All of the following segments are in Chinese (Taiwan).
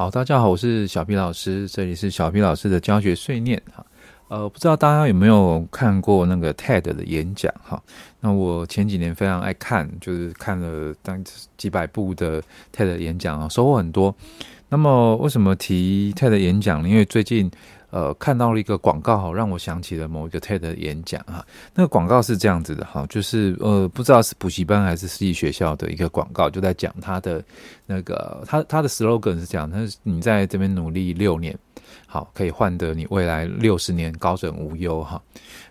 好，大家好，我是小皮老師，這裡是小皮老師的教學碎念哈。呃，不知道大家有沒有看過那個 TED 的演講哈？那我前幾年非常愛看，就是看了當幾百部的 TED 演講啊，收穫很多。那麼為什麼提 TED 演講呢？因為最近，呃，看到了一個廣告，讓我想起了某一個 TED 演講哈，那個廣告是這樣子的哈，就是呃，不知道是補習班還是私立學校的一個廣告，就在講他的那個他他的 slogan 是這樣，他是你在這邊努力六年，好，可以換得你未來六十年高枕無憂哈。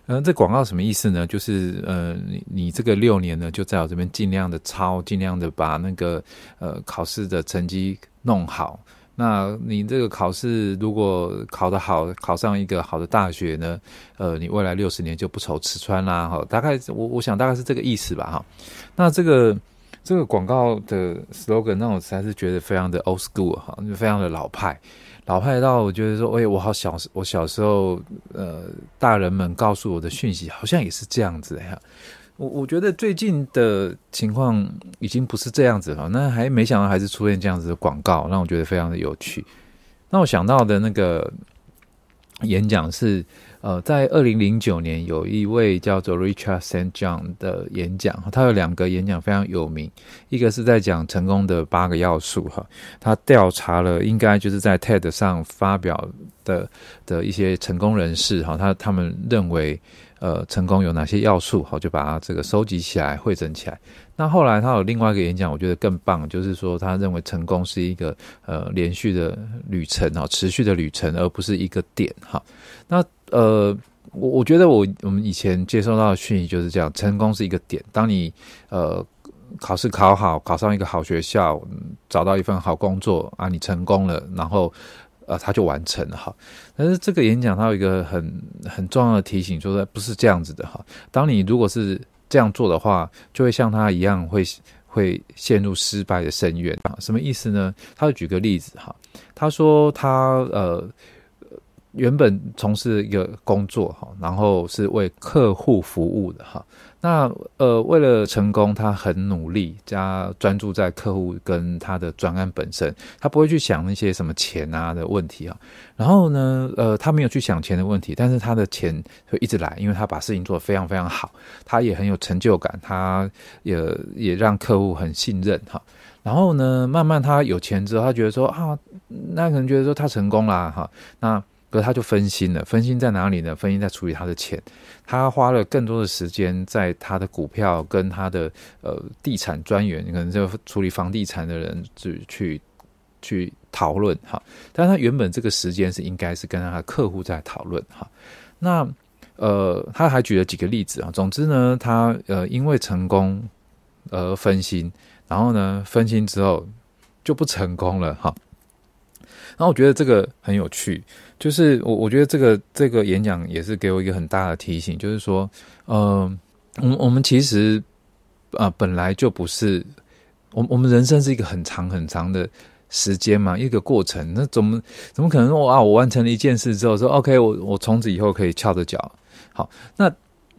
嗯、呃，這廣告什麼意思呢？就是呃，你你這個六年呢，就在我這邊儘量的抄，儘量的把那個呃考試的成績弄好。那你這個考試如果考得好，考上一個好的大學呢？呃，你未來六十年就不愁吃穿啦，哈、哦。大概我我想大概是這個意思吧，哈、哦。那這個這個廣告的 slogan，那我實在是覺得非常的 old school，哈、哦，就非常的老派，老派到我覺得說，哎，我好小，我小時候，呃，大人們告訴我的訊息好像也是這樣子呀、哎。我我覺得最近的情況已經不是這樣子了，那還沒想到還是出現這樣子的廣告，讓我覺得非常的有趣。那我想到的那個演講是。呃，在二零零九年，有一位叫做 Richard St. John 的演講，他有兩個演講非常有名，一個是在講成功的八個要素哈、啊。他調查了，應該就是在 TED 上發表的的一些成功人士哈、啊，他他們認為，呃，成功有哪些要素？好、啊，就把它這個收集起來，匯整起來。那後來他有另外一個演講，我覺得更棒，就是說他認為成功是一個呃連續的旅程啊，持續的旅程，而不是一個點哈、啊。那呃，我我覺得我我們以前接收到的訊息就是這樣，成功是一個點，當你呃考試考好，考上一個好學校，嗯，找到一份好工作啊，你成功了，然後呃他就完成了哈。但是這個演講他有一個很很重要的提醒，說，就是不是這樣子的哈。當你如果是這樣做的話，就會像他一樣會會陷入失敗的深淵。什麼意思呢？他就舉個例子哈，他說他呃。原本從事一個工作哈，然後是為客戶服務的哈。那呃，為了成功，他很努力加專注在客戶跟他的專案本身，他不會去想那些什麼錢啊的問題哈。然後呢，呃，他沒有去想錢的問題，但是他的錢會一直來，因為他把事情做得非常非常好，他也很有成就感，他也也讓客戶很信任哈。然後呢，慢慢他有錢之後，他覺得說啊，那可能覺得說他成功啦哈，那。可是他就分心了，分心在哪裡呢？分心在處理他的錢，他花了更多的時間在他的股票跟他的呃地產專員，可能就處理房地產的人去去去討論哈。但他原本這個時間是應該是跟他的客戶在討論哈。那呃，他還舉了幾個例子啊。總之呢，他呃因為成功而分心，然後呢，分心之後就不成功了哈。然後我覺得這個很有趣。就是我，我覺得這個這個演講也是給我一個很大的提醒，就是說，呃，我我們其實啊、呃、本來就不是，我我們人生是一個很長很長的時間嘛，一個過程，那怎麼怎麼可能說我啊，我完成了一件事之後說 OK，我我從此以後可以翹着腳，好，那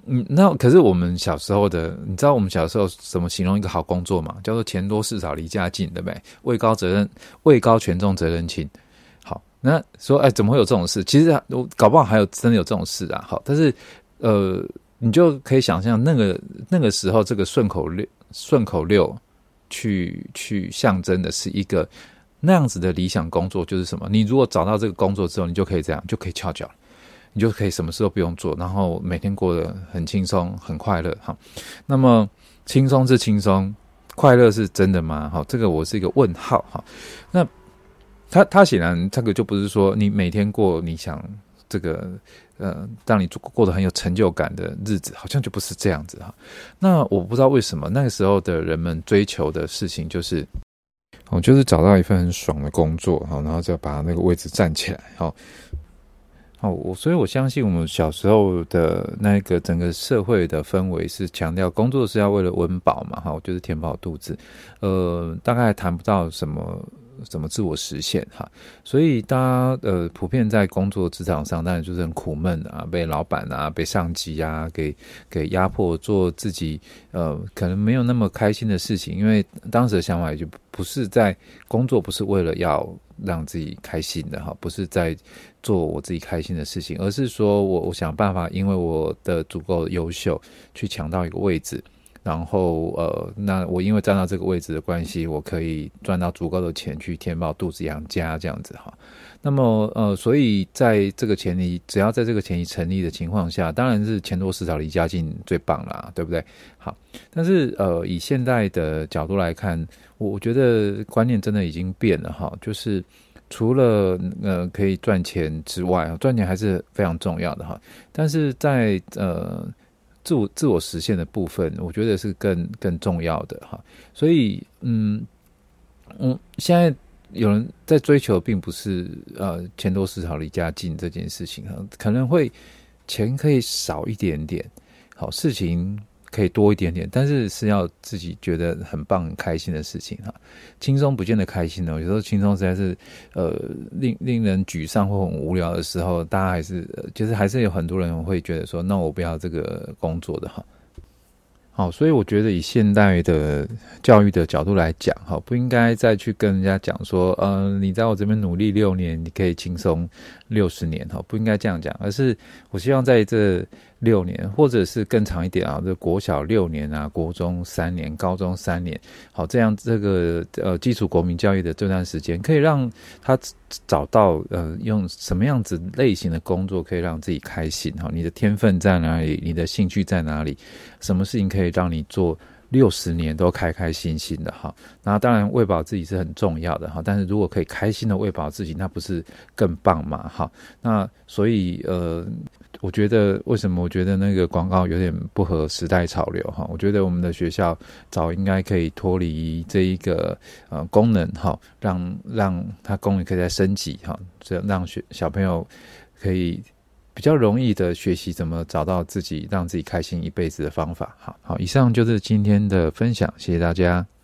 嗯那可是我們小時候的，你知道我們小時候怎麼形容一個好工作嘛？叫做錢多事少離家近的唄，位高責任，位高權重責任輕。那說哎，怎麼會有這種事？其實我搞不好還有真的有這種事啊！好，但是呃，你就可以想象那個那個時候，這個順口溜、順口溜，去去象徵的是一個那樣子的理想工作，就是什麼？你如果找到這個工作之後，你就可以這樣，就可以翹腳，你就可以什麼事都不用做，然後每天過得很輕鬆、很快樂。好，那麼輕鬆是輕鬆，快樂是真的嗎？好，這個我是一個問號。好，那。他他顯然這個就不是說你每天過你想這個呃讓你過過得很有成就感的日子，好像就不是這樣子哈。那我不知道為什麼那個時候的人們追求的事情就是哦，就是找到一份很爽的工作哈，然後再把那個位置站起來哦哦我，所以我相信我們小時候的那個整個社會的氛圍是強調工作是要為了溫飽嘛哈，就是填飽肚子，呃，大概談不到什麼。怎麼自我實現哈？所以大家呃普遍在工作職場上，當然就是很苦悶啊，被老闆啊、被上級呀、啊、給給壓迫，做自己呃可能沒有那麼開心的事情。因為當時的想法也就不是在工作，不是為了要讓自己開心的哈，不是在做我自己開心的事情，而是說我我想辦法，因為我的足夠優秀，去搶到一個位置。然後呃，那我因為站到這個位置的關係，我可以賺到足夠的錢去填飽肚子養家這樣子哈。那麼呃，所以在這個前提，只要在這個前提成立的情況下，當然是錢多事少離家近最棒啦，對不對？好，但是呃，以現在的角度來看，我覺得觀念真的已經變了哈，就是除了呃可以賺錢之外，賺錢還是非常重要的哈。但是在呃。自我自我實現的部分，我覺得是更更重要的哈。所以，嗯，嗯，現在有人在追求，並不是呃錢多事少離家近這件事情哈，可能會錢可以少一點點，好事情。可以多一點點，但是是要自己覺得很棒、很開心的事情哈。輕鬆不見得開心的，有時候輕鬆實在是呃令令人沮喪或很無聊的時候，大家還是、呃、就是還是有很多人會覺得說，那我不要這個工作的哈。好，所以我覺得以現代的教育的角度來講哈，不應該再去跟人家講說，嗯、呃，你在我這邊努力六年，你可以輕鬆。六十年哈，不應該這樣講，而是我希望在這六年，或者是更長一點啊，這國小六年啊，國中三年，高中三年，好，這樣這個呃基礎國民教育的這段時間，可以讓他找到呃用什麼樣子類型的工作可以讓自己開心哈，你的天分在哪裡，你的興趣在哪裡，什麼事情可以讓你做。六十年都開開心心的哈，那當然餵飽自己是很重要的哈，但是如果可以開心的餵飽自己，那不是更棒嘛哈？那所以呃，我覺得為什麼我覺得那個廣告有點不合時代潮流哈？我覺得我們的學校早應該可以脫離這一個呃功能哈，讓讓它功能可以再升級哈，這樣讓讓學小朋友可以。比較容易的學習怎麼找到自己，讓自己開心一輩子的方法。好好，以上就是今天的分享，謝謝大家。